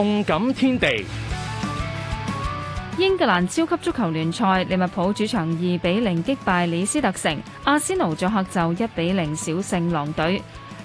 動感天地，英格蘭超級足球聯賽，利物浦主場二比零擊敗李斯特城，阿仙奴作客就一比零小勝狼隊。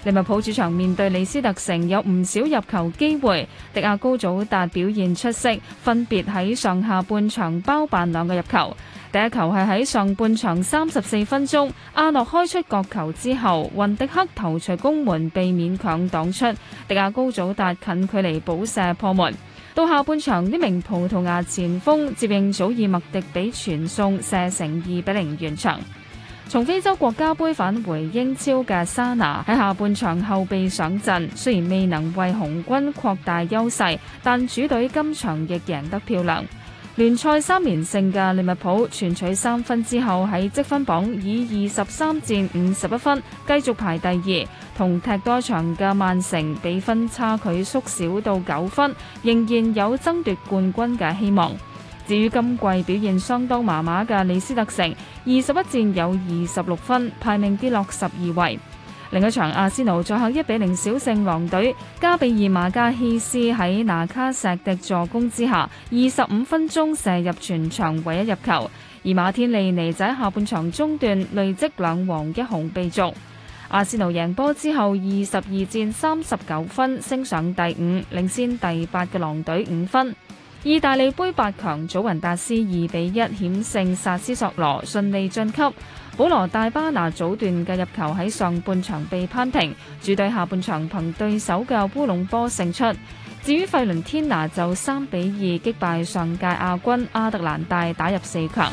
利物浦主場面對李斯特城有唔少入球機會，迪亞高祖達表現出色，分別喺上下半場包辦兩個入球。第一球係喺上半場三十四分鐘，阿諾開出角球之後，雲迪克頭槌攻門被勉強擋出，迪亞高祖達近距離補射破門。到下半場，呢名葡萄牙前鋒接應祖爾麥迪俾傳送，射成二比零完場。從非洲國家杯返回英超嘅沙拿喺下半場後備上陣，雖然未能為紅軍擴大優勢，但主隊今場亦贏得漂亮。聯賽三連勝嘅利物浦全取三分之後喺積分榜以二十三戰五十一分繼續排第二，同踢多場嘅曼城比分差距縮小到九分，仍然有爭奪冠軍嘅希望。至於今季表現相當麻麻嘅李斯特城，二十一戰有二十六分，排名跌落十二位。另一場阿仙奴作客一比零小勝狼隊，加比爾馬加希斯喺拿卡石迪助攻之下，二十五分鐘射入全場唯一入球。而馬天利尼仔下半場中段累積兩黃一紅被逐。阿仙奴贏波之後，二十二戰三十九分，升上第五，領先第八嘅狼隊五分。意大利杯八強，祖雲達斯二比一險勝薩斯索羅，順利晉級。保羅大巴拿早段嘅入球喺上半場被扳平，主隊下半場憑對手嘅烏龍波勝出。至於費倫天拿就三比二擊敗上屆亞軍阿特蘭大，打入四強。